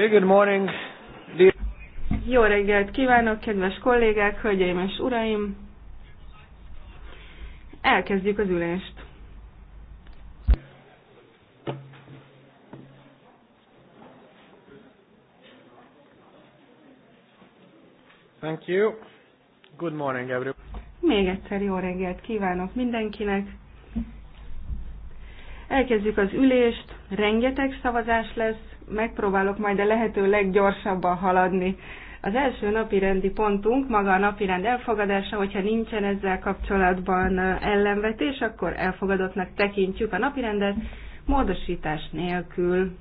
Okay, good morning. Jó reggelt kívánok, kedves kollégák, hölgyeim és uraim! Elkezdjük az ülést. Thank you. Good morning, everyone. Még egyszer jó reggelt kívánok mindenkinek. Elkezdjük az ülést, rengeteg szavazás lesz, megpróbálok majd a lehető leggyorsabban haladni. Az első napi rendi pontunk maga a napirend elfogadása, hogyha nincsen ezzel kapcsolatban ellenvetés, akkor elfogadottnak tekintjük a napirendet módosítás nélkül.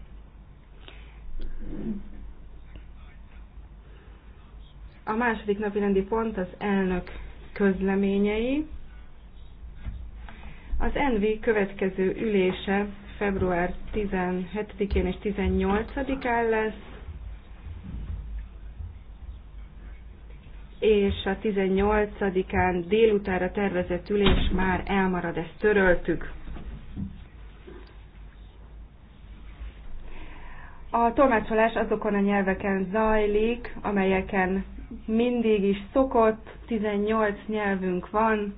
A második napi rendi pont az elnök közleményei. Az ENVI következő ülése február 17-én és 18-án lesz, és a 18-án délutára tervezett ülés már elmarad, ezt töröltük. A tolmácsolás azokon a nyelveken zajlik, amelyeken mindig is szokott, 18 nyelvünk van.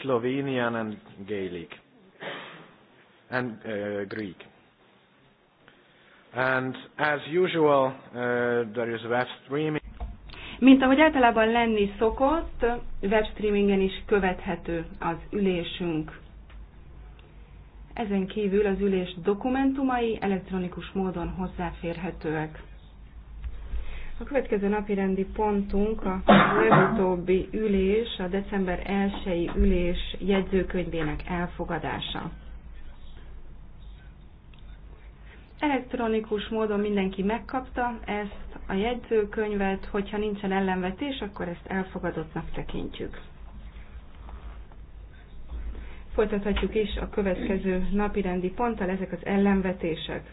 Slovenian and Gaelic and uh, Greek. And as usual, uh, there is web streaming. Mint ahogy általában lenni szokott, webstreamingen is követhető az ülésünk. Ezen kívül az ülés dokumentumai elektronikus módon hozzáférhetőek. A következő napi rendi pontunk a legutóbbi ülés, a december 1-i ülés jegyzőkönyvének elfogadása. Elektronikus módon mindenki megkapta ezt a jegyzőkönyvet, hogyha nincsen ellenvetés, akkor ezt elfogadottnak tekintjük. Folytathatjuk is a következő napirendi ponttal ezek az ellenvetések.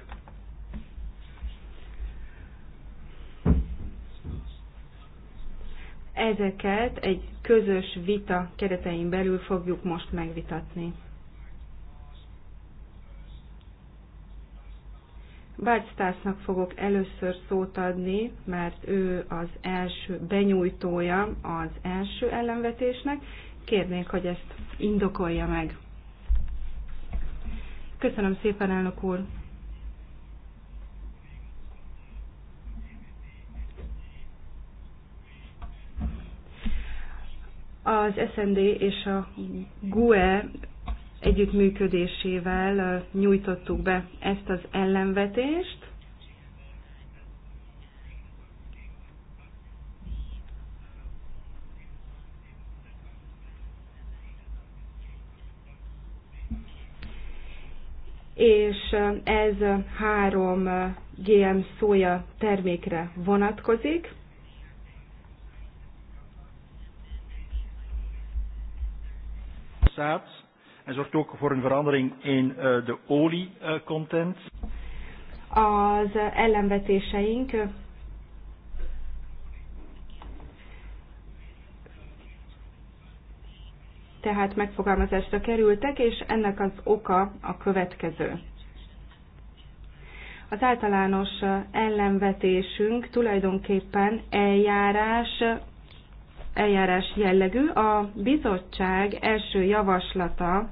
Ezeket egy közös vita keretein belül fogjuk most megvitatni. Bágysztásznak fogok először szót adni, mert ő az első benyújtója az első ellenvetésnek. Kérnék, hogy ezt indokolja meg. Köszönöm szépen, elnök úr! Az SND és a GUE együttműködésével nyújtottuk be ezt az ellenvetést. és ez három GM szója termékre vonatkozik. Szápsz, En zorgt ook voor een verandering in eh, de oliecontent. Eh, az ellenvetéseink eh, tehát megfogalmazásra kerültek, és ennek az oka a következő. Az általános ellenvetésünk tulajdonképpen eljárás, eljárás jellegű. A bizottság első javaslata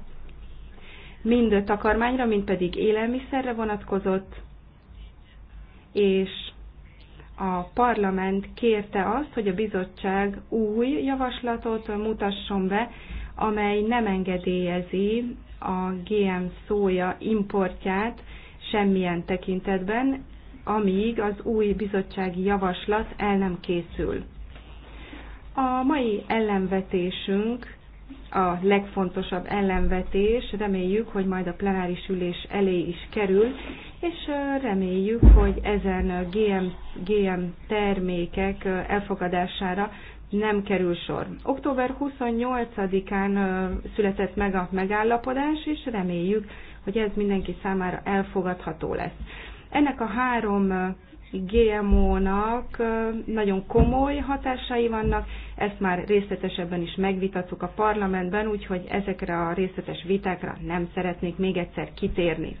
mind takarmányra, mind pedig élelmiszerre vonatkozott, és a parlament kérte azt, hogy a bizottság új javaslatot mutasson be, amely nem engedélyezi a GM szója importját semmilyen tekintetben, amíg az új bizottsági javaslat el nem készül. A mai ellenvetésünk a legfontosabb ellenvetés. Reméljük, hogy majd a plenáris ülés elé is kerül, és reméljük, hogy ezen GM, GM termékek elfogadására nem kerül sor. Október 28-án született meg a megállapodás, és reméljük, hogy ez mindenki számára elfogadható lesz. Ennek a három GMO-nak nagyon komoly hatásai vannak, ezt már részletesebben is megvitattuk a parlamentben, úgyhogy ezekre a részletes vitákra nem szeretnék még egyszer kitérni.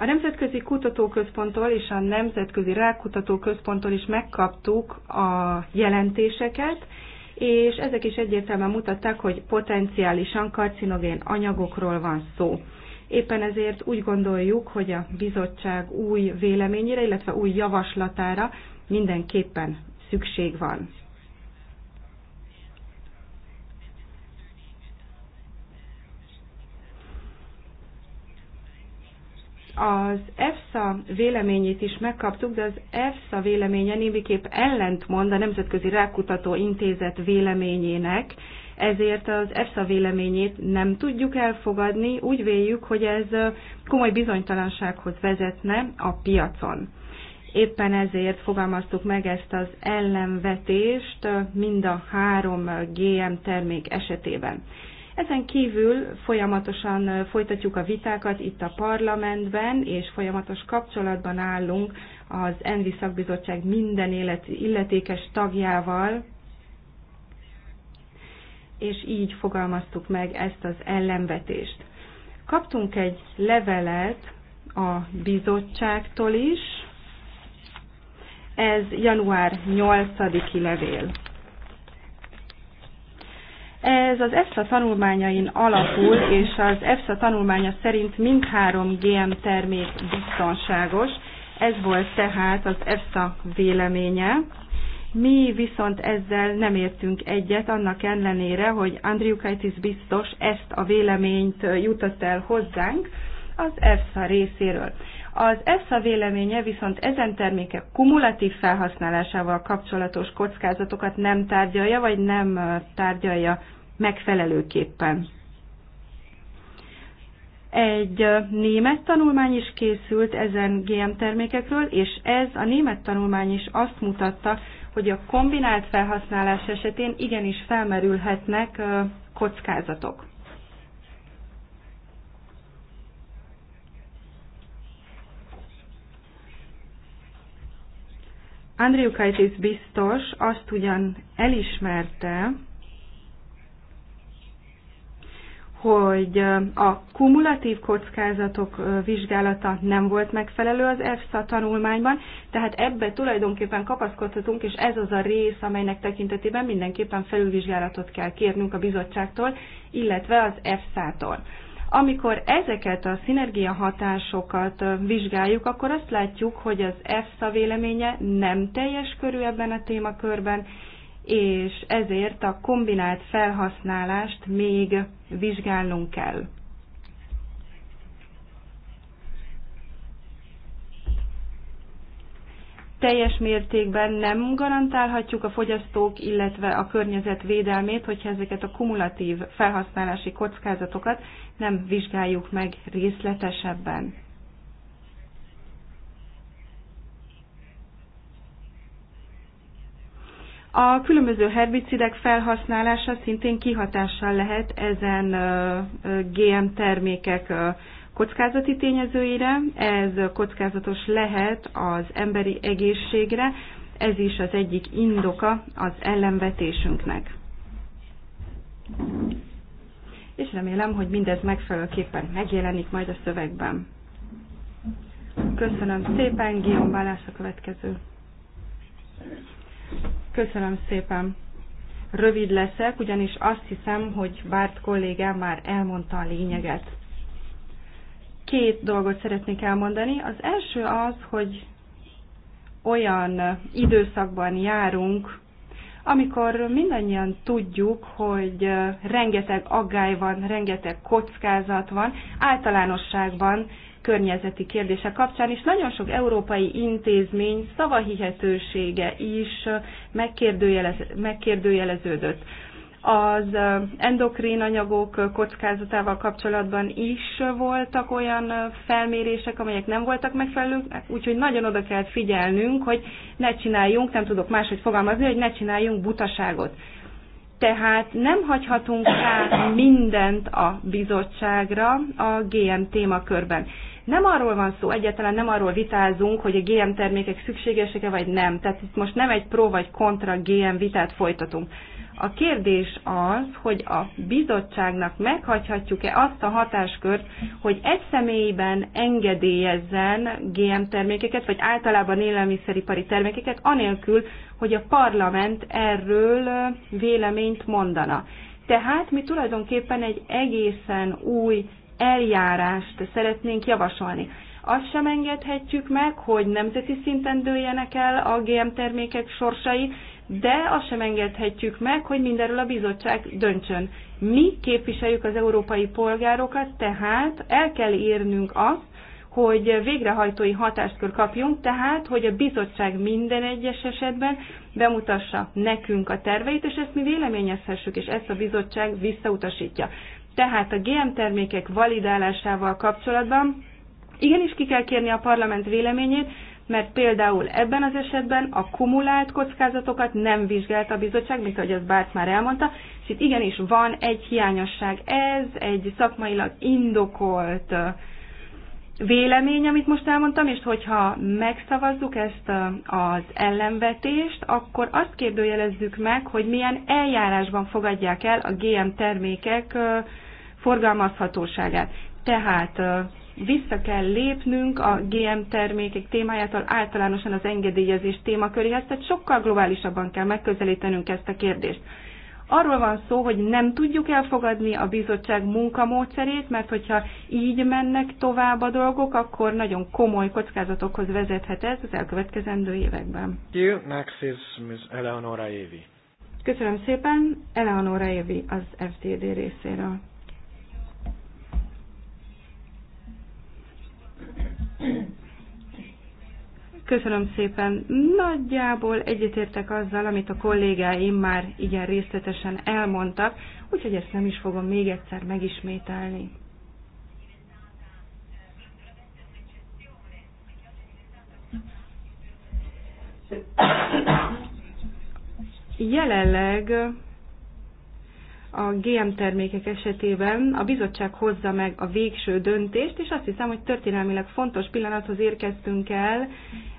A Nemzetközi Kutatóközponttól és a Nemzetközi Rákutatóközponttól is megkaptuk a jelentéseket, és ezek is egyértelműen mutatták, hogy potenciálisan karcinogén anyagokról van szó. Éppen ezért úgy gondoljuk, hogy a bizottság új véleményére, illetve új javaslatára mindenképpen szükség van. az EFSA véleményét is megkaptuk, de az EFSA véleménye némiképp ellentmond a Nemzetközi Rákutató Intézet véleményének, ezért az EFSA véleményét nem tudjuk elfogadni, úgy véljük, hogy ez komoly bizonytalansághoz vezetne a piacon. Éppen ezért fogalmaztuk meg ezt az ellenvetést mind a három GM termék esetében. Ezen kívül folyamatosan folytatjuk a vitákat itt a parlamentben, és folyamatos kapcsolatban állunk az ENVI szakbizottság minden illetékes tagjával, és így fogalmaztuk meg ezt az ellenvetést. Kaptunk egy levelet a bizottságtól is, ez január 8-i levél. Ez az EFSA tanulmányain alapul, és az EFSA tanulmánya szerint mindhárom GM termék biztonságos. Ez volt tehát az EFSA véleménye. Mi viszont ezzel nem értünk egyet, annak ellenére, hogy Andriukaitis biztos ezt a véleményt jutott el hozzánk az EFSA részéről. Az EFSA véleménye viszont ezen termékek kumulatív felhasználásával kapcsolatos kockázatokat nem tárgyalja, vagy nem tárgyalja megfelelőképpen. Egy német tanulmány is készült ezen GM termékekről, és ez a német tanulmány is azt mutatta, hogy a kombinált felhasználás esetén igenis felmerülhetnek kockázatok. Andriukaitis biztos azt ugyan elismerte, hogy a kumulatív kockázatok vizsgálata nem volt megfelelő az EFSA tanulmányban, tehát ebbe tulajdonképpen kapaszkodhatunk, és ez az a rész, amelynek tekintetében mindenképpen felülvizsgálatot kell kérnünk a bizottságtól, illetve az EFSA-tól. Amikor ezeket a szinergia hatásokat vizsgáljuk, akkor azt látjuk, hogy az EFSA véleménye nem teljes körű ebben a témakörben, és ezért a kombinált felhasználást még vizsgálnunk kell. teljes mértékben nem garantálhatjuk a fogyasztók, illetve a környezet védelmét, hogyha ezeket a kumulatív felhasználási kockázatokat nem vizsgáljuk meg részletesebben. A különböző herbicidek felhasználása szintén kihatással lehet ezen GM termékek kockázati tényezőire, ez kockázatos lehet az emberi egészségre, ez is az egyik indoka az ellenvetésünknek. És remélem, hogy mindez megfelelőképpen megjelenik majd a szövegben. Köszönöm szépen, Guillaume Balázs a következő. Köszönöm szépen. Rövid leszek, ugyanis azt hiszem, hogy Bárt kollégám már elmondta a lényeget. Két dolgot szeretnék elmondani. Az első az, hogy olyan időszakban járunk, amikor mindannyian tudjuk, hogy eh, rengeteg aggály van, rengeteg kockázat van, általánosságban környezeti kérdése kapcsán, és nagyon sok európai intézmény szavahihetősége is megkérdőjelez, megkérdőjeleződött. Az endokrin anyagok kockázatával kapcsolatban is voltak olyan felmérések, amelyek nem voltak megfelelők, úgyhogy nagyon oda kell figyelnünk, hogy ne csináljunk, nem tudok máshogy fogalmazni, hogy ne csináljunk butaságot tehát nem hagyhatunk rá mindent a bizottságra a GM témakörben. Nem arról van szó, egyáltalán nem arról vitázunk, hogy a GM termékek szükségesek-e vagy nem. Tehát itt most nem egy pro vagy kontra GM vitát folytatunk. A kérdés az, hogy a bizottságnak meghagyhatjuk-e azt a hatáskört, hogy egy személyben engedélyezzen GM termékeket, vagy általában élelmiszeripari termékeket, anélkül, hogy a parlament erről véleményt mondana. Tehát mi tulajdonképpen egy egészen új eljárást szeretnénk javasolni. Azt sem engedhetjük meg, hogy nemzeti szinten dőljenek el a GM termékek sorsai, de azt sem engedhetjük meg, hogy mindenről a bizottság döntsön. Mi képviseljük az európai polgárokat, tehát el kell érnünk azt, hogy végrehajtói hatáskör kapjunk, tehát hogy a bizottság minden egyes esetben bemutassa nekünk a terveit, és ezt mi véleményezhessük, és ezt a bizottság visszautasítja. Tehát a GM termékek validálásával kapcsolatban igenis ki kell kérni a parlament véleményét, mert például ebben az esetben a kumulált kockázatokat nem vizsgálta a bizottság, mint ahogy az Bárt már elmondta, és itt igenis van egy hiányosság. Ez egy szakmailag indokolt vélemény, amit most elmondtam, és hogyha megszavazzuk ezt az ellenvetést, akkor azt kérdőjelezzük meg, hogy milyen eljárásban fogadják el a GM termékek forgalmazhatóságát. Tehát vissza kell lépnünk a GM termékek témájától általánosan az engedélyezés témaköréhez, tehát sokkal globálisabban kell megközelítenünk ezt a kérdést. Arról van szó, hogy nem tudjuk elfogadni a bizottság munkamódszerét, mert hogyha így mennek tovább a dolgok, akkor nagyon komoly kockázatokhoz vezethet ez az elkövetkezendő években. Köszönöm szépen, Eleonora Évi az FTD részéről. Köszönöm szépen. Nagyjából egyetértek azzal, amit a kollégáim már igen részletesen elmondtak, úgyhogy ezt nem is fogom még egyszer megismételni. Jelenleg a GM termékek esetében a bizottság hozza meg a végső döntést, és azt hiszem, hogy történelmileg fontos pillanathoz érkeztünk el,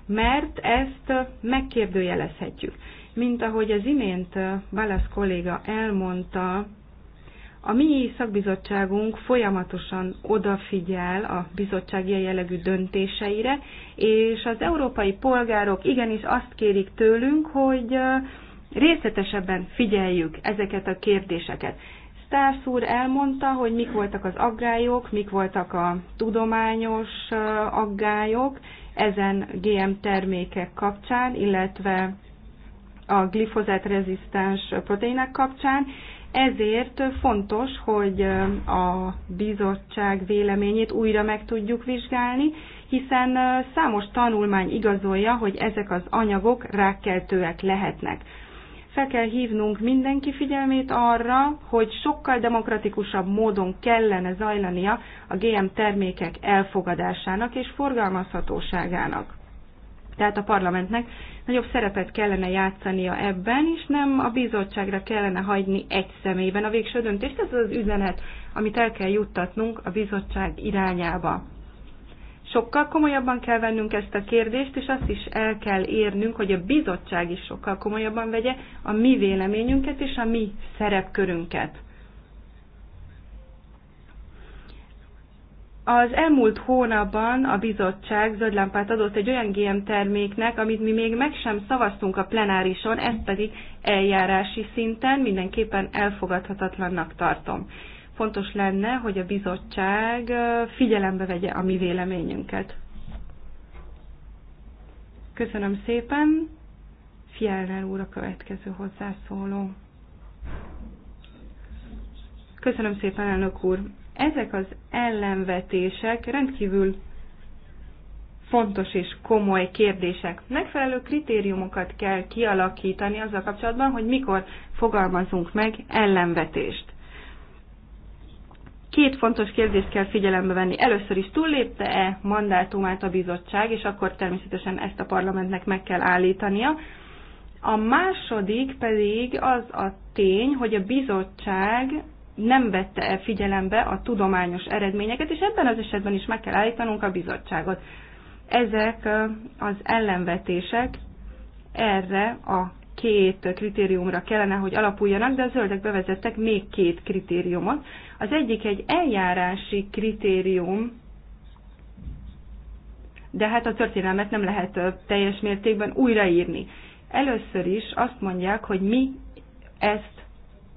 mert ezt megkérdőjelezhetjük. Mint ahogy az imént Balasz uh, kolléga elmondta, a mi szakbizottságunk folyamatosan odafigyel a bizottság ilyen jellegű döntéseire, és az európai polgárok igenis azt kérik tőlünk, hogy uh, részletesebben figyeljük ezeket a kérdéseket. Stárs úr elmondta, hogy mik voltak az aggályok, mik voltak a tudományos aggályok ezen GM termékek kapcsán, illetve a glifozát rezisztens proteinek kapcsán. Ezért fontos, hogy a bizottság véleményét újra meg tudjuk vizsgálni, hiszen számos tanulmány igazolja, hogy ezek az anyagok rákkeltőek lehetnek fel kell hívnunk mindenki figyelmét arra, hogy sokkal demokratikusabb módon kellene zajlania a GM termékek elfogadásának és forgalmazhatóságának. Tehát a parlamentnek nagyobb szerepet kellene játszania ebben, és nem a bizottságra kellene hagyni egy személyben a végső döntést. Ez az üzenet, amit el kell juttatnunk a bizottság irányába. Sokkal komolyabban kell vennünk ezt a kérdést, és azt is el kell érnünk, hogy a bizottság is sokkal komolyabban vegye a mi véleményünket és a mi szerepkörünket. Az elmúlt hónapban a bizottság zöldlámpát adott egy olyan GM terméknek, amit mi még meg sem szavaztunk a plenárison, ezt pedig eljárási szinten mindenképpen elfogadhatatlannak tartom fontos lenne, hogy a bizottság figyelembe vegye a mi véleményünket. Köszönöm szépen. Fjellner úr a következő hozzászóló. Köszönöm szépen, elnök úr. Ezek az ellenvetések rendkívül fontos és komoly kérdések. Megfelelő kritériumokat kell kialakítani azzal kapcsolatban, hogy mikor fogalmazunk meg ellenvetést két fontos kérdést kell figyelembe venni. Először is túllépte-e mandátumát a bizottság, és akkor természetesen ezt a parlamentnek meg kell állítania. A második pedig az a tény, hogy a bizottság nem vette -e figyelembe a tudományos eredményeket, és ebben az esetben is meg kell állítanunk a bizottságot. Ezek az ellenvetések erre a két kritériumra kellene, hogy alapuljanak, de a zöldek bevezettek még két kritériumot. Az egyik egy eljárási kritérium, de hát a történelmet nem lehet teljes mértékben újraírni. Először is azt mondják, hogy mi ezt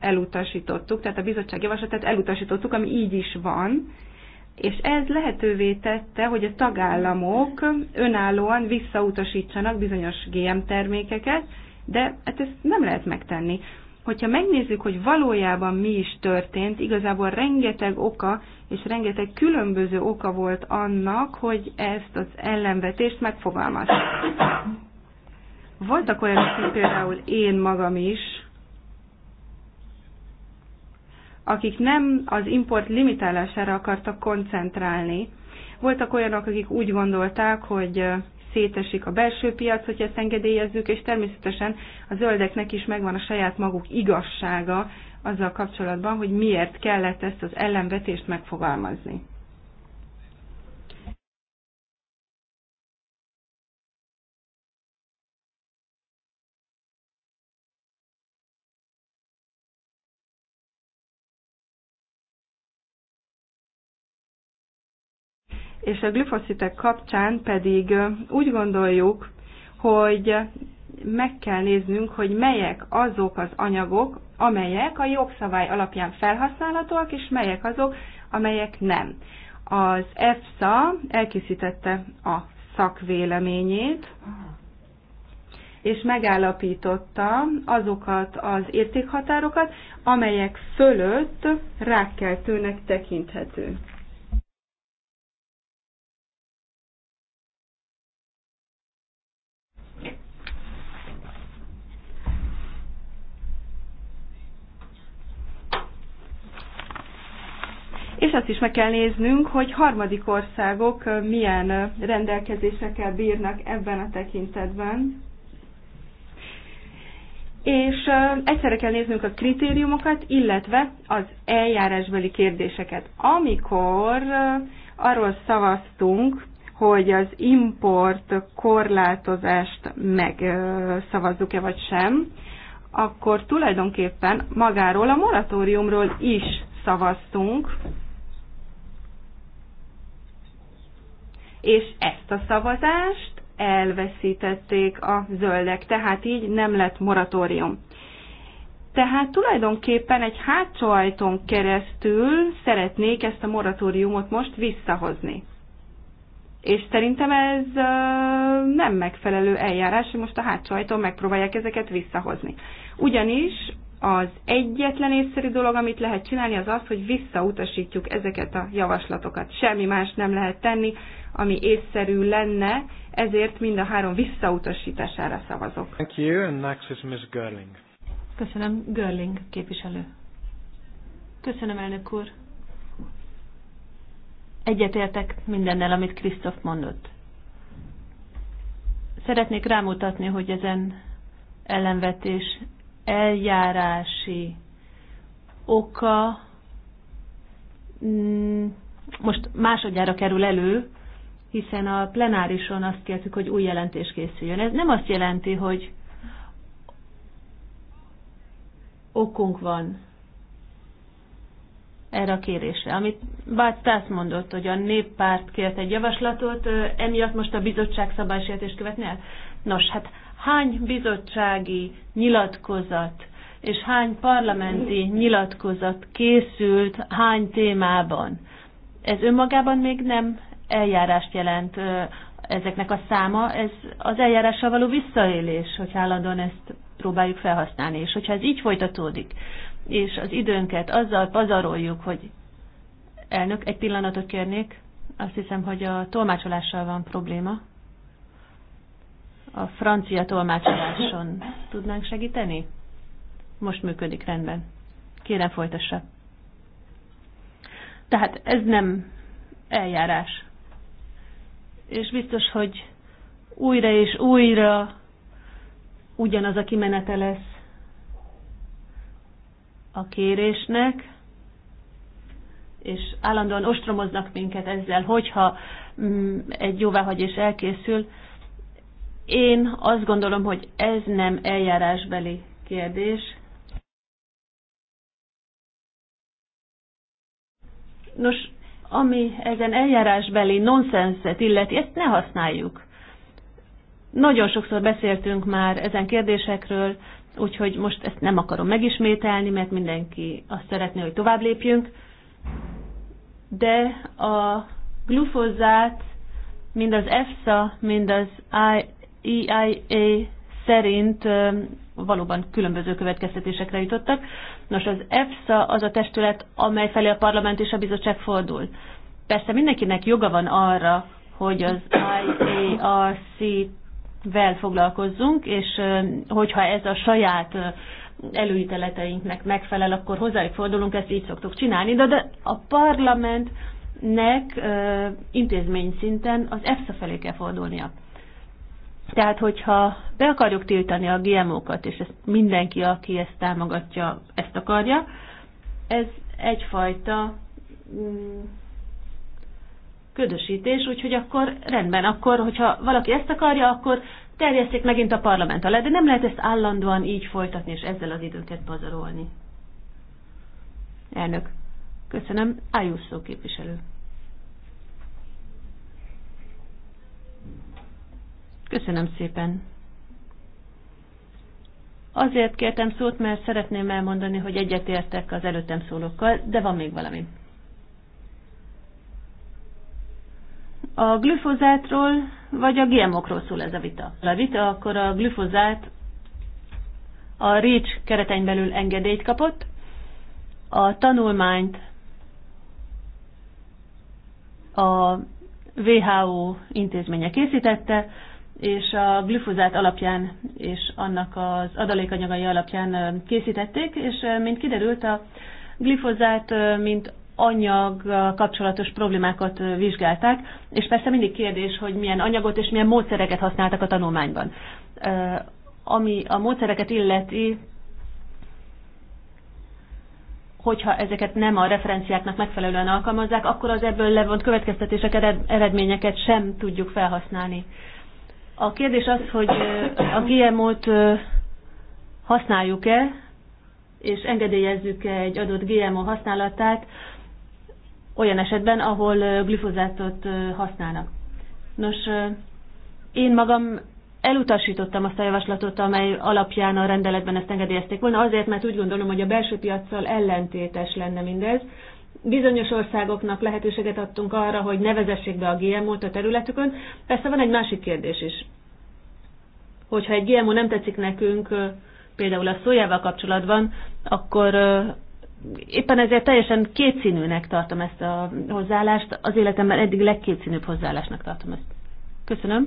elutasítottuk, tehát a bizottság javaslatát elutasítottuk, ami így is van, és ez lehetővé tette, hogy a tagállamok önállóan visszautasítsanak bizonyos GM termékeket, de hát ezt nem lehet megtenni. Hogyha megnézzük, hogy valójában mi is történt, igazából rengeteg oka és rengeteg különböző oka volt annak, hogy ezt az ellenvetést megfogalmazták. Voltak olyanok, mint például én magam is, akik nem az import limitálására akartak koncentrálni. Voltak olyanok, akik úgy gondolták, hogy szétesik a belső piac, hogyha ezt engedélyezzük, és természetesen a zöldeknek is megvan a saját maguk igazsága azzal kapcsolatban, hogy miért kellett ezt az ellenvetést megfogalmazni. és a glifoszitek kapcsán pedig úgy gondoljuk, hogy meg kell néznünk, hogy melyek azok az anyagok, amelyek a jogszabály alapján felhasználhatóak, és melyek azok, amelyek nem. Az EFSA elkészítette a szakvéleményét, és megállapította azokat az értékhatárokat, amelyek fölött rákkeltőnek tekinthető. és azt is meg kell néznünk, hogy harmadik országok milyen rendelkezésekkel bírnak ebben a tekintetben. És egyszerre kell néznünk a kritériumokat, illetve az eljárásbeli kérdéseket. Amikor arról szavaztunk, hogy az import korlátozást megszavazzuk-e vagy sem, akkor tulajdonképpen magáról a moratóriumról is szavaztunk, és ezt a szavazást elveszítették a zöldek, tehát így nem lett moratórium. Tehát tulajdonképpen egy hátsó ajtón keresztül szeretnék ezt a moratóriumot most visszahozni. És szerintem ez nem megfelelő eljárás, hogy most a hátsó ajtón megpróbálják ezeket visszahozni. Ugyanis az egyetlen észszerű dolog, amit lehet csinálni, az az, hogy visszautasítjuk ezeket a javaslatokat. Semmi más nem lehet tenni, ami észszerű lenne, ezért mind a három visszautasítására szavazok. Thank you, and next is Ms. Görling. Köszönöm, Görling képviselő. Köszönöm, elnök úr. Egyetértek mindennel, amit Krisztof mondott. Szeretnék rámutatni, hogy ezen ellenvetés eljárási oka mm, most másodjára kerül elő, hiszen a plenárison azt kértük, hogy új jelentés készüljön. Ez nem azt jelenti, hogy okunk van erre a kérésre. Amit Bács Tász mondott, hogy a néppárt kért egy javaslatot, emiatt most a bizottság szabálysértést követne el? Nos, hát hány bizottsági nyilatkozat és hány parlamenti nyilatkozat készült hány témában. Ez önmagában még nem eljárást jelent ezeknek a száma, ez az eljárással való visszaélés, hogy állandóan ezt próbáljuk felhasználni. És hogyha ez így folytatódik, és az időnket azzal pazaroljuk, hogy elnök, egy pillanatot kérnék, azt hiszem, hogy a tolmácsolással van probléma a francia tolmácsoláson tudnánk segíteni? Most működik rendben. Kérem folytassa. Tehát ez nem eljárás. És biztos, hogy újra és újra ugyanaz a kimenete lesz a kérésnek, és állandóan ostromoznak minket ezzel, hogyha mm, egy jóváhagyás elkészül, én azt gondolom, hogy ez nem eljárásbeli kérdés. Nos, ami ezen eljárásbeli nonszenszet illeti, ezt ne használjuk. Nagyon sokszor beszéltünk már ezen kérdésekről, úgyhogy most ezt nem akarom megismételni, mert mindenki azt szeretné, hogy tovább lépjünk. De a glufozát mind az EFSA, mind az EIA szerint valóban különböző következtetésekre jutottak. Nos, az EFSA az a testület, amely felé a parlament és a bizottság fordul. Persze mindenkinek joga van arra, hogy az IARC-vel foglalkozzunk, és hogyha ez a saját előíteleteinknek megfelel, akkor hozzájuk fordulunk, ezt így szoktuk csinálni, de, de a parlamentnek intézmény szinten az EFSA felé kell fordulnia. Tehát, hogyha be akarjuk tiltani a GMO-kat, és ezt mindenki, aki ezt támogatja, ezt akarja, ez egyfajta mm, ködösítés, úgyhogy akkor rendben, akkor, hogyha valaki ezt akarja, akkor terjeszték megint a parlament alá, de nem lehet ezt állandóan így folytatni, és ezzel az időket pazarolni. Elnök, köszönöm, Ájusszó képviselő. Köszönöm szépen. Azért kértem szót, mert szeretném elmondani, hogy egyetértek az előttem szólókkal, de van még valami. A glüfozátról vagy a GMO-król szól ez a vita. A vita akkor a glüfozát a REACH keretein belül engedélyt kapott, a tanulmányt a WHO intézménye készítette, és a glifozát alapján és annak az adalékanyagai alapján készítették, és mint kiderült, a glifozát, mint anyag kapcsolatos problémákat vizsgálták, és persze mindig kérdés, hogy milyen anyagot és milyen módszereket használtak a tanulmányban. Ami a módszereket illeti, hogyha ezeket nem a referenciáknak megfelelően alkalmazzák, akkor az ebből levont következtetéseket, eredményeket sem tudjuk felhasználni a kérdés az, hogy a GMO-t használjuk-e, és engedélyezzük-e egy adott GMO használatát olyan esetben, ahol glifozátot használnak. Nos, én magam elutasítottam azt a javaslatot, amely alapján a rendeletben ezt engedélyezték volna, azért, mert úgy gondolom, hogy a belső piaccal ellentétes lenne mindez. Bizonyos országoknak lehetőséget adtunk arra, hogy nevezessék be a GMO-t a területükön. Persze van egy másik kérdés is hogyha egy GMO nem tetszik nekünk, például a szójával kapcsolatban, akkor éppen ezért teljesen kétszínűnek tartom ezt a hozzáállást. Az életemben eddig legkétszínűbb hozzáállásnak tartom ezt. Köszönöm.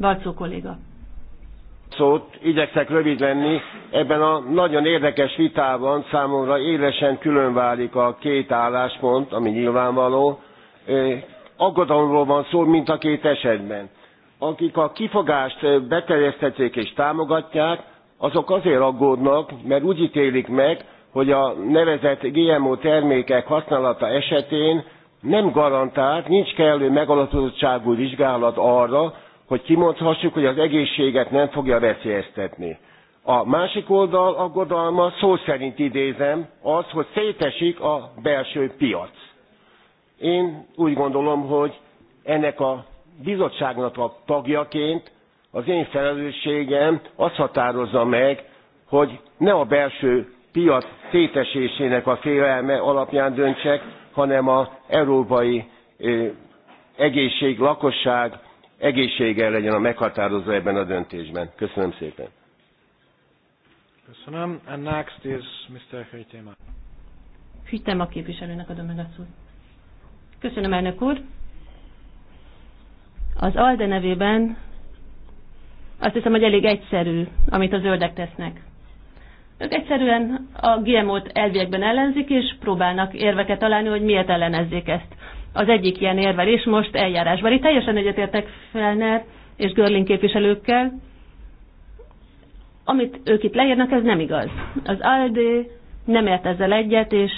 Balcó kolléga. Szót igyekszek rövid lenni. Ebben a nagyon érdekes vitában számomra élesen különválik a két álláspont, ami nyilvánvaló. Aggodalomról van szó mint a két esetben akik a kifogást beterjesztették és támogatják, azok azért aggódnak, mert úgy ítélik meg, hogy a nevezett GMO termékek használata esetén nem garantált, nincs kellő megalapozottságú vizsgálat arra, hogy kimondhassuk, hogy az egészséget nem fogja veszélyeztetni. A másik oldal aggodalma, szó szerint idézem, az, hogy szétesik a belső piac. Én úgy gondolom, hogy ennek a bizottságnak a tagjaként az én felelősségem azt határozza meg, hogy ne a belső piac szétesésének a félelme alapján döntsek, hanem az európai egészség, lakosság egészsége legyen a meghatározó ebben a döntésben. Köszönöm szépen. Köszönöm. And next is Mr. Hütema. Hütema képviselőnek adom meg a szót. Köszönöm, elnök úr. Az ALDE nevében azt hiszem, hogy elég egyszerű, amit a zöldek tesznek. Ők egyszerűen a GMO-t elviekben ellenzik, és próbálnak érveket találni, hogy miért ellenezzék ezt. Az egyik ilyen érvelés most eljárásban. Itt teljesen egyetértek Felner és Görling képviselőkkel. Amit ők itt leírnak, ez nem igaz. Az ALDE nem ért ezzel egyet, és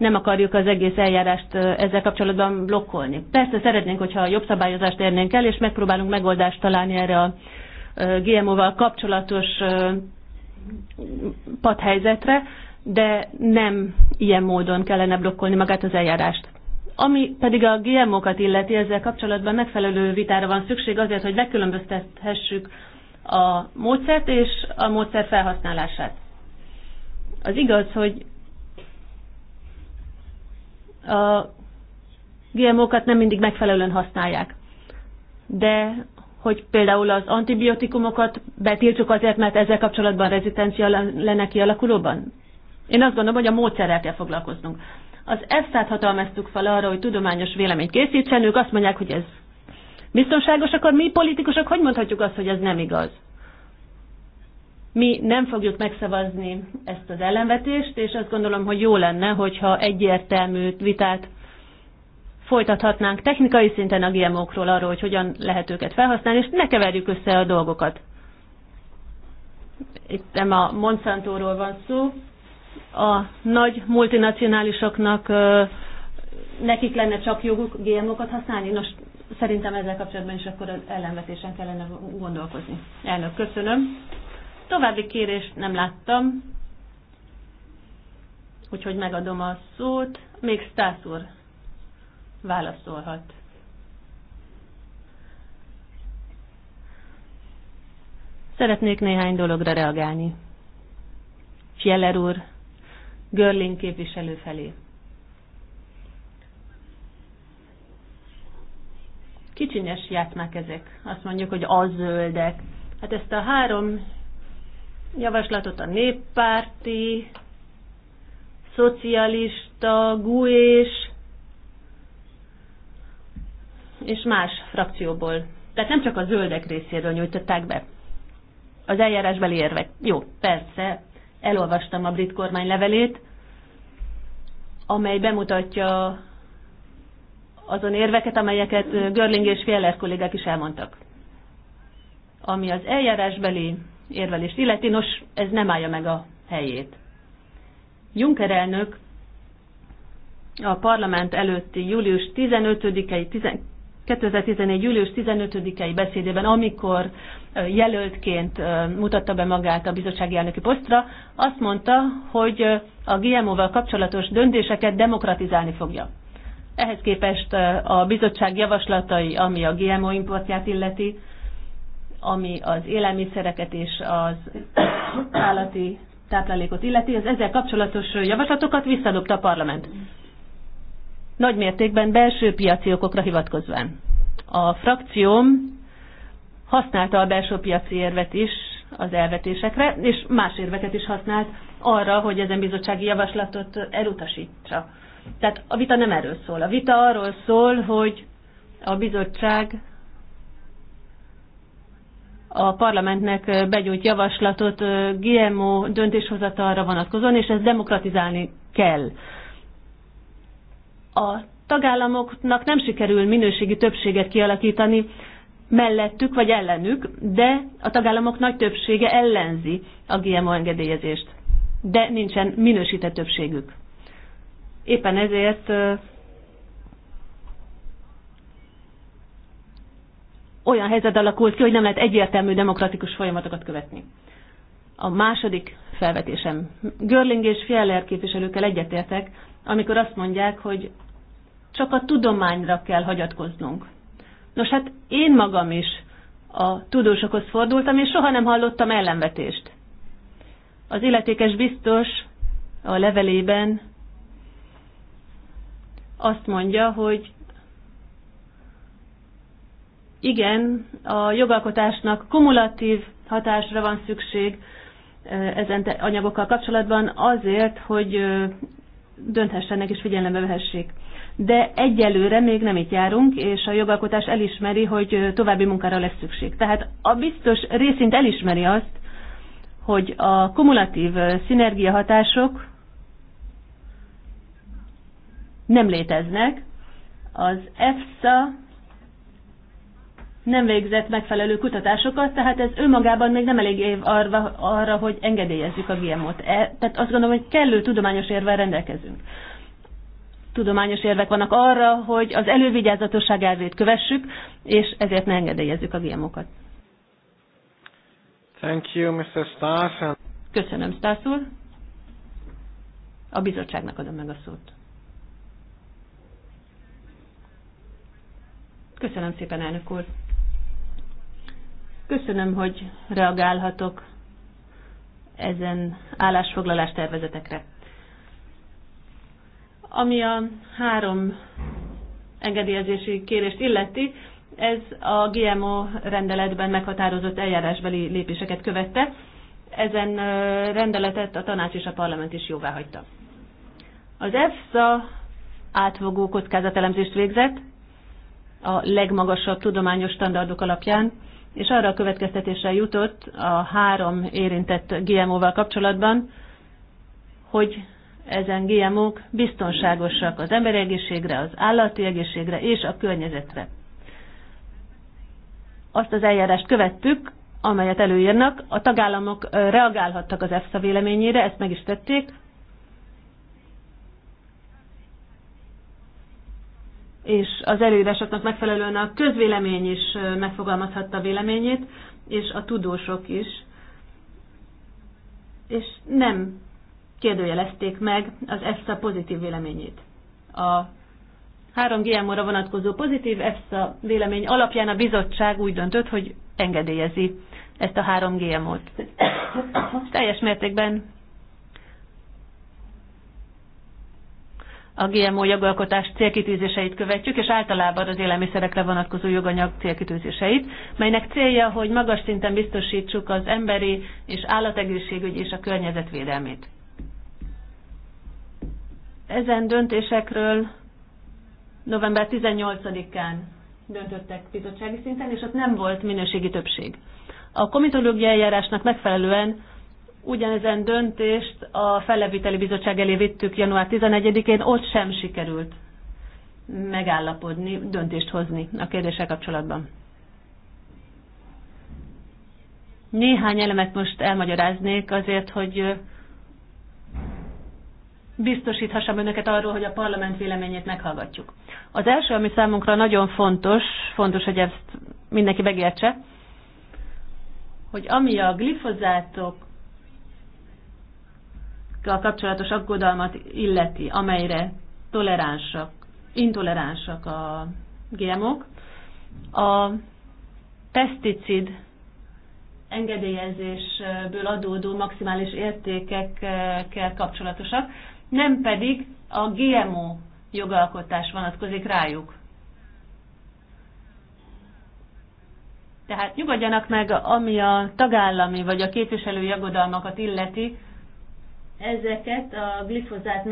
nem akarjuk az egész eljárást ezzel kapcsolatban blokkolni. Persze szeretnénk, hogyha jobb szabályozást érnénk el, és megpróbálunk megoldást találni erre a GMO-val kapcsolatos padhelyzetre, de nem ilyen módon kellene blokkolni magát az eljárást. Ami pedig a GMO-kat illeti, ezzel kapcsolatban megfelelő vitára van szükség azért, hogy megkülönböztethessük a módszert és a módszer felhasználását. Az igaz, hogy a GMO-kat nem mindig megfelelően használják. De hogy például az antibiotikumokat betiltsuk azért, mert ezzel kapcsolatban rezisztencia lenne kialakulóban? Én azt gondolom, hogy a módszerrel kell foglalkoznunk. Az EFSA-t hatalmaztuk fel arra, hogy tudományos véleményt készítsen, ők azt mondják, hogy ez biztonságos, akkor mi politikusok hogy mondhatjuk azt, hogy ez nem igaz? mi nem fogjuk megszavazni ezt az ellenvetést, és azt gondolom, hogy jó lenne, hogyha egyértelmű vitát folytathatnánk technikai szinten a GMO-król arról, hogy hogyan lehet őket felhasználni, és ne keverjük össze a dolgokat. Itt nem a Monsantóról van szó. A nagy multinacionálisoknak nekik lenne csak joguk GMO-kat használni. Nos, szerintem ezzel kapcsolatban is akkor az ellenvetésen kellene gondolkozni. Elnök, köszönöm. További kérést nem láttam, úgyhogy megadom a szót. Még Stász úr válaszolhat. Szeretnék néhány dologra reagálni. Fjeller úr, Görling képviselő felé. Kicsinyes játmák ezek. Azt mondjuk, hogy a zöldek. Hát ezt a három javaslatot a néppárti, szocialista, gués és más frakcióból. Tehát nem csak a zöldek részéről nyújtották be. Az eljárásbeli érvek. Jó, persze, elolvastam a brit kormány levelét, amely bemutatja azon érveket, amelyeket Görling és Fjeller kollégák is elmondtak. Ami az eljárásbeli érvelést illeti, nos, ez nem állja meg a helyét. Juncker elnök a parlament előtti július 15-i, 2014. július 15-i beszédében, amikor jelöltként mutatta be magát a bizottsági elnöki posztra, azt mondta, hogy a GMO-val kapcsolatos döntéseket demokratizálni fogja. Ehhez képest a bizottság javaslatai, ami a GMO importját illeti, ami az élelmiszereket és az állati táplálékot illeti, az ezzel kapcsolatos javaslatokat visszadobta a parlament. Nagy mértékben belső piaci okokra hivatkozván. A frakcióm használta a belső piaci érvet is az elvetésekre, és más érveket is használt arra, hogy ezen bizottsági javaslatot elutasítsa. Tehát a vita nem erről szól. A vita arról szól, hogy a bizottság a parlamentnek begyújt javaslatot GMO döntéshozatalra vonatkozóan, és ezt demokratizálni kell. A tagállamoknak nem sikerül minőségi többséget kialakítani mellettük vagy ellenük, de a tagállamok nagy többsége ellenzi a GMO engedélyezést. De nincsen minősített többségük. Éppen ezért olyan helyzet alakult ki, hogy nem lehet egyértelmű demokratikus folyamatokat követni. A második felvetésem. Görling és Fjeller képviselőkkel egyetértek, amikor azt mondják, hogy csak a tudományra kell hagyatkoznunk. Nos, hát én magam is a tudósokhoz fordultam, és soha nem hallottam ellenvetést. Az illetékes biztos a levelében azt mondja, hogy igen, a jogalkotásnak kumulatív hatásra van szükség ezen anyagokkal kapcsolatban azért, hogy dönthessenek és figyelembe vehessék. De egyelőre még nem itt járunk, és a jogalkotás elismeri, hogy további munkára lesz szükség. Tehát a biztos részint elismeri azt, hogy a kumulatív szinergiahatások nem léteznek. Az EFSA nem végzett megfelelő kutatásokat, tehát ez önmagában még nem elég év arra, arra hogy engedélyezzük a GMO-t. E, tehát azt gondolom, hogy kellő tudományos érvel rendelkezünk. Tudományos érvek vannak arra, hogy az elővigyázatosság elvét kövessük, és ezért ne engedélyezzük a GMO-kat. Thank you, Mr. Stas. Köszönöm, Stász úr. A bizottságnak adom meg a szót. Köszönöm szépen, elnök úr. Köszönöm, hogy reagálhatok ezen állásfoglalás tervezetekre. Ami a három engedélyezési kérést illeti, ez a GMO rendeletben meghatározott eljárásbeli lépéseket követte. Ezen rendeletet a tanács és a parlament is jóvá hagyta. Az EFSA átfogó kockázatelemzést végzett a legmagasabb tudományos standardok alapján, és arra a következtetésre jutott a három érintett GMO-val kapcsolatban, hogy ezen GMO-k biztonságosak az emberi egészségre, az állati egészségre és a környezetre. Azt az eljárást követtük, amelyet előírnak. A tagállamok reagálhattak az EFSA véleményére, ezt meg is tették, és az előírásoknak megfelelően a közvélemény is megfogalmazhatta véleményét, és a tudósok is. És nem kérdőjelezték meg az EFSA pozitív véleményét. A három GMO-ra vonatkozó pozitív EFSA vélemény alapján a bizottság úgy döntött, hogy engedélyezi ezt a három GMO-t. Teljes mértékben a GMO jogalkotás célkitűzéseit követjük, és általában az élelmiszerekre vonatkozó joganyag célkitűzéseit, melynek célja, hogy magas szinten biztosítsuk az emberi és állategészségügy és a környezetvédelmét. Ezen döntésekről november 18-án döntöttek bizottsági szinten, és ott nem volt minőségi többség. A komitológiai eljárásnak megfelelően Ugyanezen döntést a Felleviteli Bizottság elé vittük január 11-én, ott sem sikerült megállapodni, döntést hozni a kérdéssel kapcsolatban. Néhány elemet most elmagyaráznék azért, hogy biztosíthassam önöket arról, hogy a parlament véleményét meghallgatjuk. Az első, ami számunkra nagyon fontos, fontos, hogy ezt mindenki megértse, hogy ami a glifozátok a kapcsolatos aggodalmat illeti, amelyre toleránsak, intoleránsak a GMO-k. A peszticid engedélyezésből adódó maximális értékekkel kapcsolatosak, nem pedig a GMO jogalkotás vonatkozik rájuk. Tehát nyugodjanak meg, ami a tagállami vagy a képviselői aggodalmakat illeti, ezeket a glifozát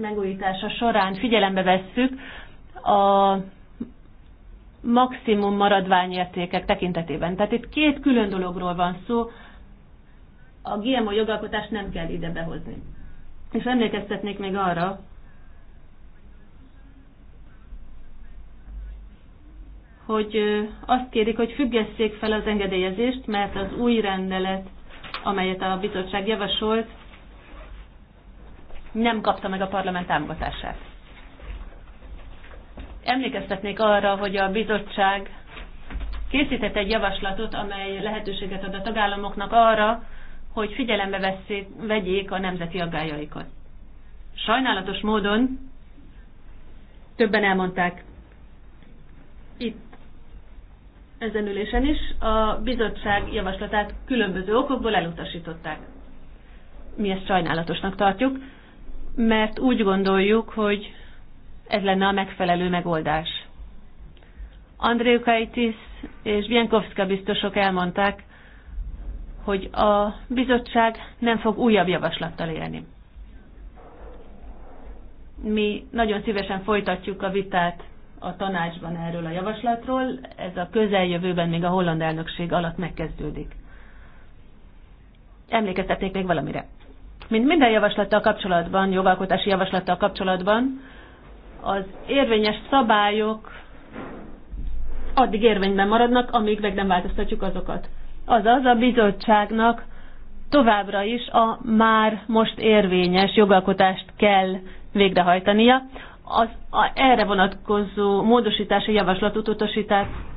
megújítása során figyelembe vesszük a maximum maradványértékek tekintetében. Tehát itt két külön dologról van szó, a GMO jogalkotást nem kell ide behozni. És emlékeztetnék még arra, hogy azt kérik, hogy függesszék fel az engedélyezést, mert az új rendelet, amelyet a bizottság javasolt, nem kapta meg a parlament támogatását. Emlékeztetnék arra, hogy a bizottság készített egy javaslatot, amely lehetőséget ad a tagállamoknak arra, hogy figyelembe veszik, vegyék a nemzeti aggájaikat. Sajnálatos módon többen elmondták itt ezen ülésen is, a bizottság javaslatát különböző okokból elutasították. Mi ezt sajnálatosnak tartjuk, mert úgy gondoljuk, hogy ez lenne a megfelelő megoldás. Andriukaitis és Bienkowska biztosok elmondták, hogy a bizottság nem fog újabb javaslattal élni. Mi nagyon szívesen folytatjuk a vitát a tanácsban erről a javaslatról. Ez a közeljövőben még a holland elnökség alatt megkezdődik. Emlékeztetnék még valamire. Mint minden javaslattal kapcsolatban, jogalkotási javaslattal kapcsolatban, az érvényes szabályok addig érvényben maradnak, amíg meg nem változtatjuk azokat. Azaz a bizottságnak továbbra is a már most érvényes jogalkotást kell végrehajtania. Az a erre vonatkozó módosítási javaslatot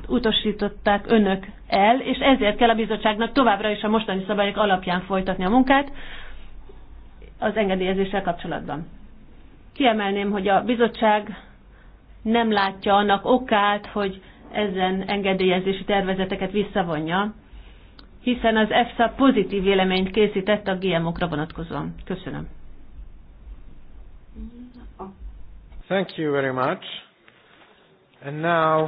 utasították önök el, és ezért kell a bizottságnak továbbra is a mostani szabályok alapján folytatni a munkát, az engedélyezéssel kapcsolatban. Kiemelném, hogy a bizottság nem látja annak okát, hogy ezen engedélyezési tervezeteket visszavonja, hiszen az EFSA pozitív véleményt készített a GMO-kra vonatkozóan. Köszönöm. Thank you very much. And now...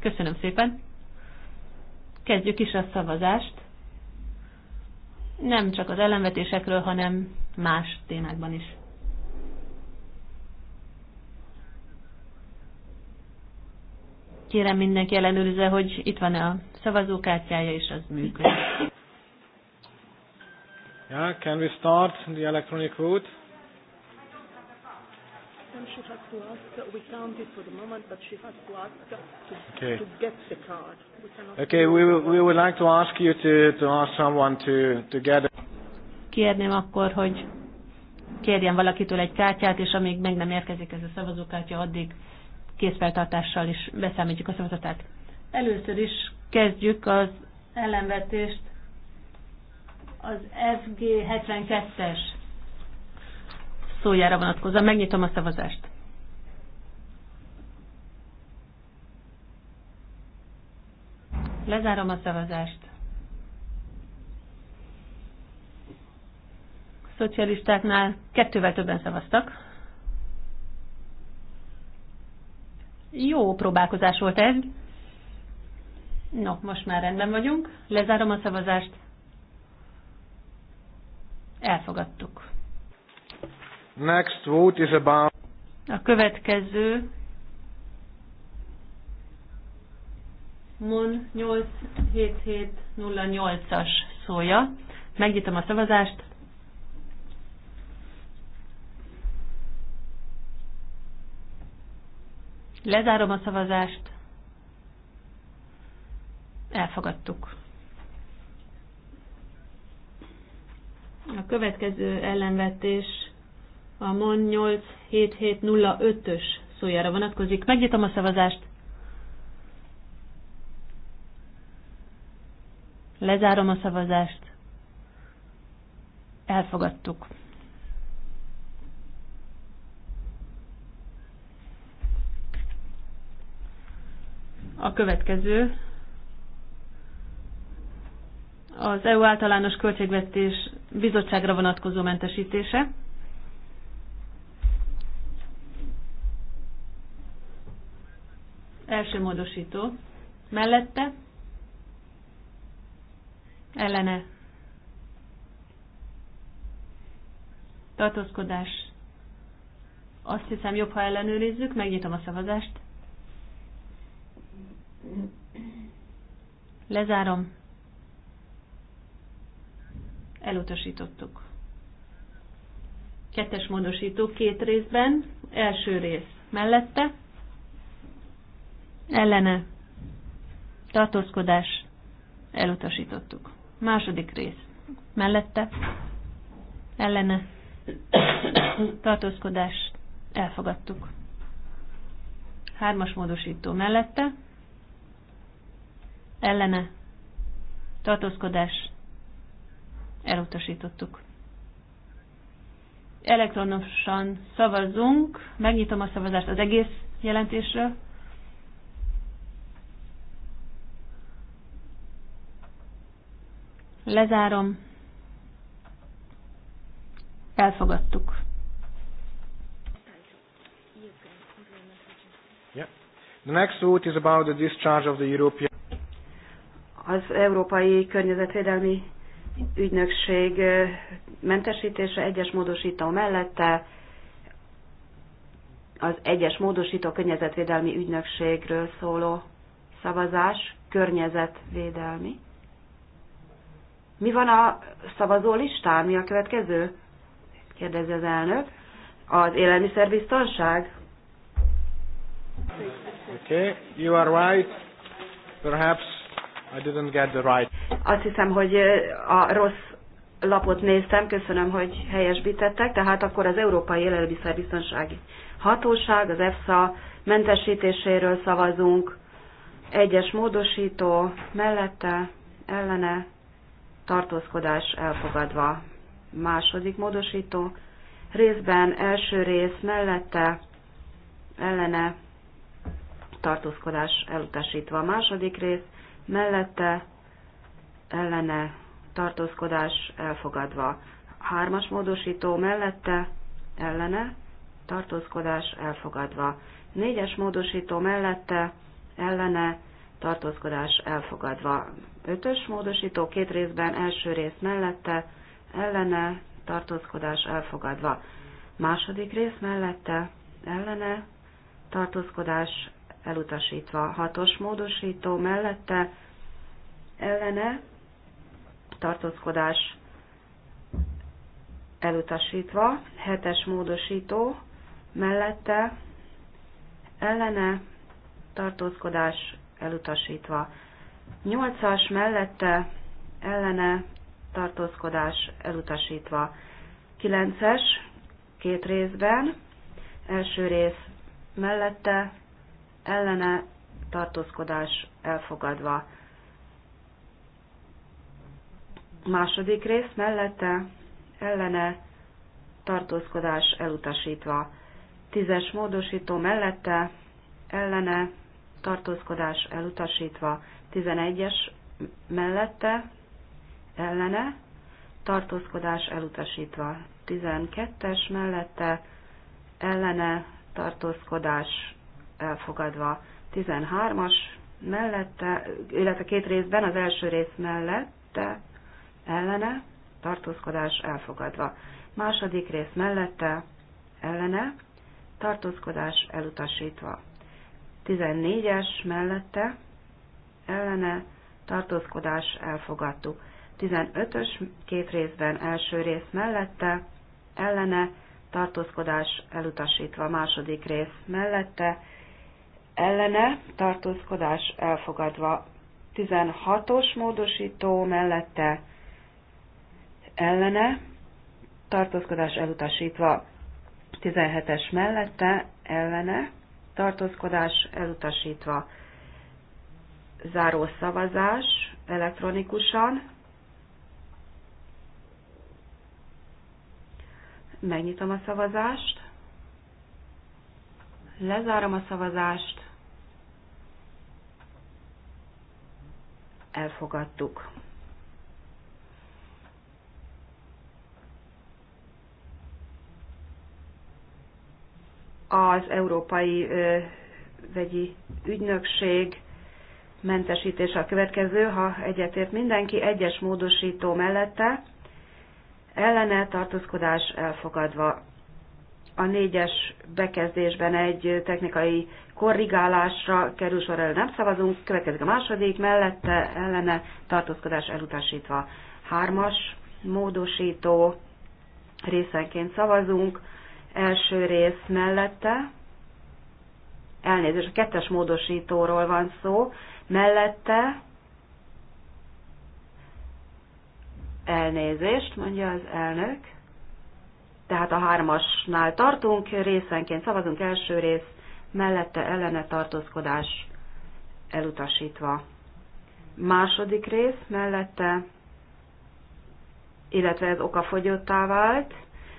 Köszönöm szépen. Kezdjük is a szavazást. Nem csak az ellenvetésekről, hanem más témákban is. Kérem mindenki ellenőrizze, hogy itt van -e a szavazókártyája, és az működik. Yeah, can we start the electronic vote? she has to ask, we can't it for the moment, but she has to ask to, okay. get the card. okay, we, will, we would like to ask you to, to ask someone to, to get kérném akkor, hogy kérjen valakitől egy kártyát, és amíg meg nem érkezik ez a szavazókártya, addig készfeltartással is beszámítjuk a szavazatát. Először is kezdjük az ellenvetést az FG72-es szójára vonatkozóan. Megnyitom a szavazást. Lezárom a szavazást. szocialistáknál kettővel többen szavaztak. Jó próbálkozás volt ez. No, most már rendben vagyunk. Lezárom a szavazást. Elfogadtuk. Next vote is about... A következő MON 87708-as szója. Megnyitom a szavazást. Lezárom a szavazást. Elfogadtuk. A következő ellenvetés a MON 87705-ös szójára vonatkozik. Megnyitom a szavazást. Lezárom a szavazást. Elfogadtuk. következő. Az EU általános költségvetés bizottságra vonatkozó mentesítése. Első módosító. Mellette. Ellene. Tartózkodás. Azt hiszem jobb, ha ellenőrizzük. Megnyitom a szavazást. Lezárom. Elutasítottuk. Kettes módosító két részben. Első rész mellette. Ellene. Tartózkodás. Elutasítottuk. Második rész. Mellette. Ellene. Tartózkodás. Elfogadtuk. Hármas módosító mellette ellene tartózkodás elutasítottuk. Elektronosan szavazunk, megnyitom a szavazást az egész jelentésről. Lezárom. Elfogadtuk. The next vote is about the discharge of the European az Európai Környezetvédelmi Ügynökség mentesítése egyes módosító mellette az egyes módosító környezetvédelmi ügynökségről szóló szavazás környezetvédelmi. Mi van a szavazó listán? Mi a következő? Kérdezi az elnök. Az élelmiszerbiztonság? Okay, you are right. Perhaps I didn't get the right. Azt hiszem, hogy a rossz lapot néztem, köszönöm, hogy helyesbítettek, tehát akkor az Európai Élelmiszerbiztonsági Hatóság, az EFSA mentesítéséről szavazunk, egyes módosító, mellette, ellene, tartózkodás elfogadva. Második módosító, részben első rész mellette, ellene, tartózkodás elutasítva. Második rész mellette ellene tartózkodás elfogadva. Hármas módosító mellette ellene tartózkodás elfogadva. Négyes módosító mellette ellene tartózkodás elfogadva. Ötös módosító két részben első rész mellette ellene tartózkodás elfogadva. Második rész mellette ellene tartózkodás elutasítva. Hatos módosító mellette ellene tartózkodás elutasítva. Hetes módosító mellette ellene tartózkodás elutasítva. Nyolcas mellette ellene tartózkodás elutasítva. Kilences két részben, első rész mellette ellene tartózkodás elfogadva. Második rész mellette ellene tartózkodás elutasítva. Tízes módosító mellette ellene tartózkodás elutasítva. Tizenegyes mellette ellene tartózkodás elutasítva. Tizenkettes mellette ellene tartózkodás elfogadva. 13-as mellette, illetve két részben az első rész mellette, ellene, tartózkodás elfogadva. Második rész mellette, ellene, tartózkodás elutasítva. 14-es mellette, ellene, tartózkodás elfogadtu. 15-ös két részben első rész mellette, ellene, tartózkodás elutasítva. Második rész mellette, ellene tartózkodás elfogadva. 16-os módosító mellette ellene tartózkodás elutasítva. 17-es mellette ellene tartózkodás elutasítva. Záró szavazás elektronikusan. Megnyitom a szavazást. Lezárom a szavazást. elfogadtuk. Az Európai Vegyi Ügynökség mentesítése a következő, ha egyetért mindenki, egyes módosító mellette, ellene tartózkodás elfogadva a négyes bekezdésben egy technikai korrigálásra kerül sor elő nem szavazunk, következik a második, mellette ellene tartózkodás elutasítva. Hármas módosító részenként szavazunk, első rész mellette, elnézést, a kettes módosítóról van szó, mellette, elnézést, mondja az elnök, tehát a hármasnál tartunk, részenként szavazunk első rész, mellette ellene tartózkodás elutasítva. Második rész mellette, illetve ez okafogyottá vált,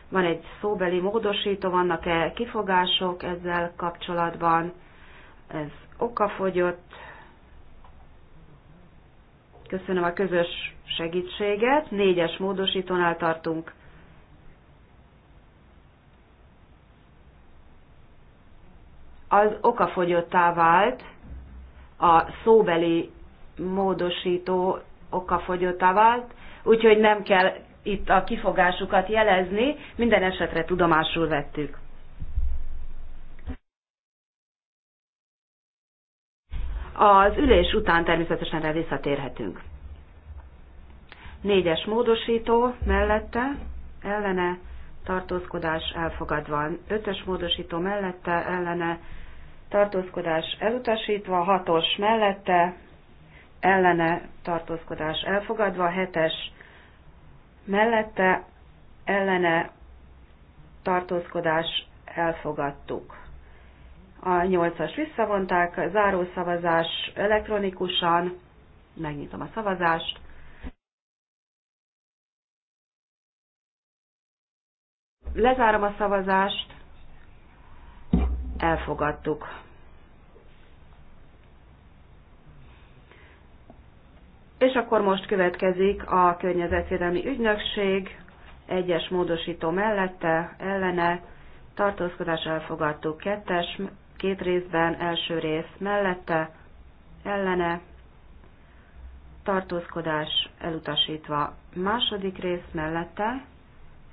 van egy szóbeli módosító, vannak-e kifogások ezzel kapcsolatban, ez okafogyott. Köszönöm a közös segítséget, négyes módosítónál tartunk, az okafogyottá vált, a szóbeli módosító okafogyottá vált, úgyhogy nem kell itt a kifogásukat jelezni, minden esetre tudomásul vettük. Az ülés után természetesen erre visszatérhetünk. Négyes módosító mellette, ellene, tartózkodás elfogadva. Ötös módosító mellette, ellene, tartózkodás elutasítva, hatos mellette, ellene tartózkodás elfogadva, hetes mellette, ellene tartózkodás elfogadtuk. A nyolcas visszavonták, záró szavazás elektronikusan, megnyitom a szavazást, lezárom a szavazást, elfogadtuk. És akkor most következik a környezetvédelmi ügynökség, egyes módosító mellette, ellene, tartózkodás elfogadtuk, kettes, két részben, első rész mellette, ellene, tartózkodás elutasítva, második rész mellette,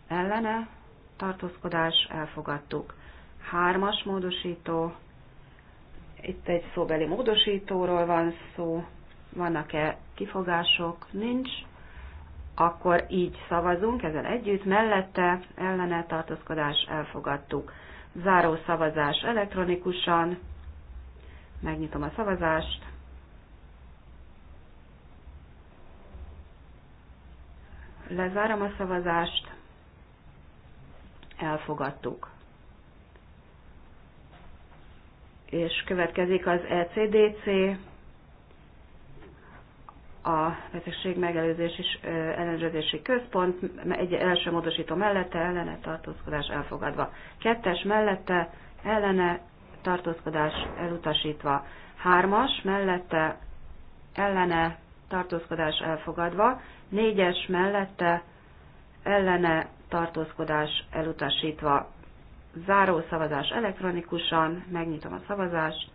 ellene, tartózkodás elfogadtuk, Hármas módosító, itt egy szóbeli módosítóról van szó, vannak-e kifogások, nincs, akkor így szavazunk ezzel együtt, mellette ellene tartózkodás elfogadtuk. Záró szavazás elektronikusan, megnyitom a szavazást, lezárom a szavazást, elfogadtuk. és következik az ECDC, a betegség megelőzés és ellenőrzési központ, egy első módosító mellette, ellene tartózkodás elfogadva. Kettes mellette, ellene tartózkodás elutasítva. Hármas mellette, ellene tartózkodás elfogadva. Négyes mellette, ellene tartózkodás elutasítva záró szavazás elektronikusan, megnyitom a szavazást,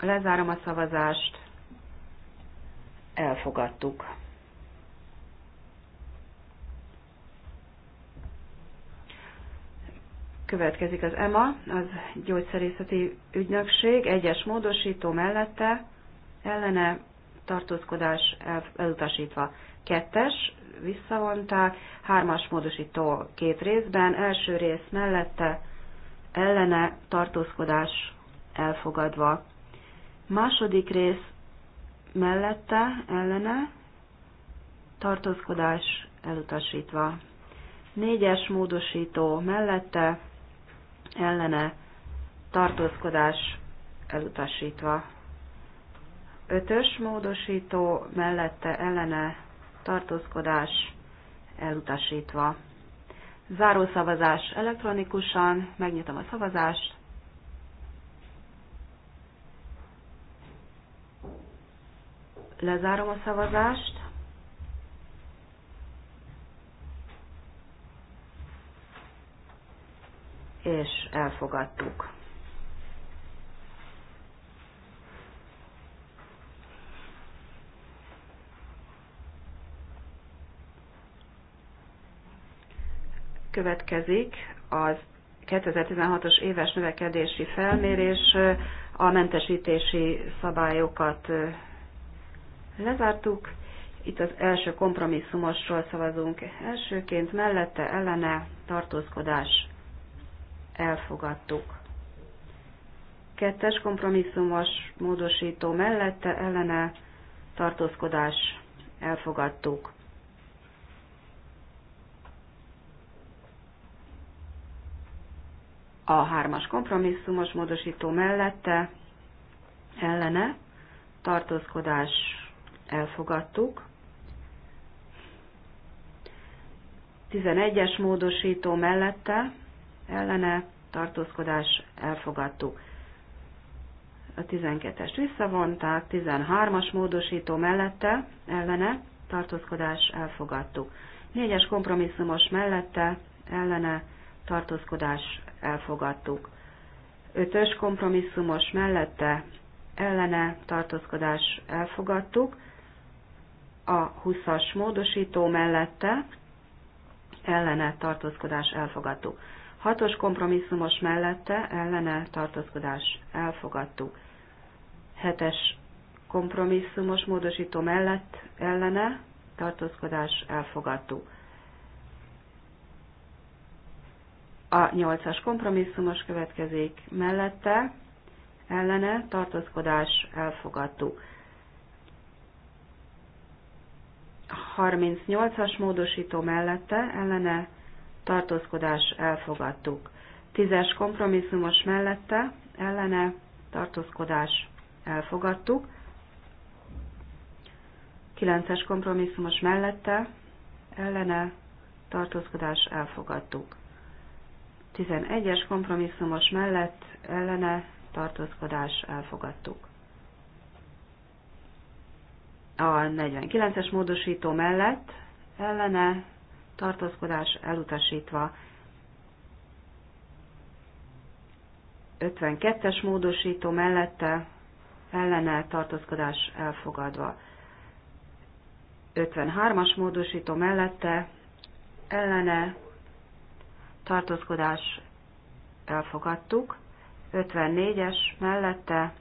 lezárom a szavazást, elfogadtuk. Következik az EMA, az Gyógyszerészeti Ügynökség, egyes módosító mellette, ellene tartózkodás elutasítva. Kettes visszavonták, hármas módosító két részben, első rész mellette ellene tartózkodás elfogadva. Második rész mellette ellene tartózkodás elutasítva. Négyes módosító mellette ellene tartózkodás elutasítva. Ötös módosító mellette ellene tartózkodás elutasítva. Záró szavazás elektronikusan, megnyitom a szavazást. Lezárom a szavazást. És elfogadtuk. Következik az 2016-os éves növekedési felmérés, a mentesítési szabályokat lezártuk. Itt az első kompromisszumosról szavazunk elsőként, mellette ellene tartózkodás elfogadtuk. Kettes kompromisszumos módosító mellette ellene tartózkodás elfogadtuk. a hármas kompromisszumos módosító mellette ellene tartózkodás elfogadtuk. 11-es módosító mellette ellene tartózkodás elfogadtuk. A 12-est visszavonták, 13-as módosító mellette ellene tartózkodás elfogadtuk. 4-es kompromisszumos mellette ellene tartózkodás elfogadtuk. Ötös kompromisszumos mellette ellene tartózkodás elfogadtuk, a 20-as módosító mellette ellene tartózkodás elfogadtuk. Hatos kompromisszumos mellette ellene tartózkodás elfogadtuk. Hetes kompromisszumos módosító mellett ellene tartózkodás elfogadtuk. A nyolcas kompromisszumos következik mellette, ellene tartózkodás elfogadtuk. 38-as módosító mellette ellene tartózkodás elfogadtuk. 10-es kompromisszumos mellette ellene tartózkodás elfogadtuk. 9-es kompromisszumos mellette ellene tartózkodás elfogadtuk. 11-es kompromisszumos mellett ellene tartózkodás elfogadtuk. A 49-es módosító mellett ellene tartózkodás elutasítva 52-es módosító mellette ellene tartózkodás elfogadva. 53-as módosító mellette ellene tartózkodás elfogadtuk, 54-es mellette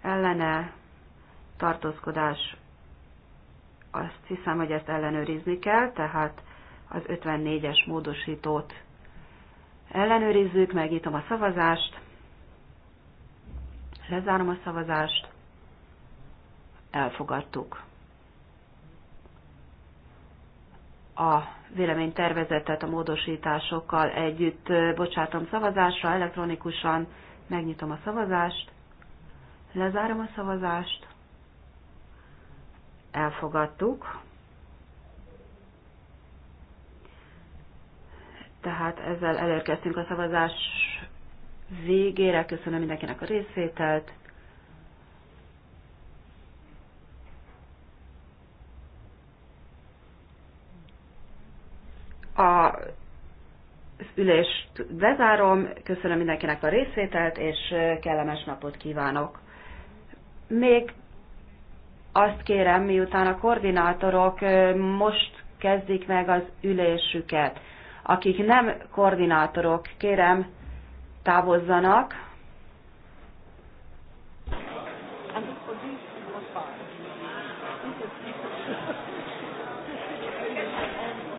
ellene tartózkodás azt hiszem, hogy ezt ellenőrizni kell, tehát az 54-es módosítót ellenőrizzük, megnyitom a szavazást, lezárom a szavazást, elfogadtuk. a véleménytervezetet a módosításokkal együtt bocsátom szavazásra elektronikusan, megnyitom a szavazást, lezárom a szavazást, elfogadtuk, tehát ezzel elérkeztünk a szavazás végére, köszönöm mindenkinek a részvételt, A ülést bezárom, köszönöm mindenkinek a részvételt, és kellemes napot kívánok. Még azt kérem, miután a koordinátorok most kezdik meg az ülésüket, akik nem koordinátorok, kérem távozzanak,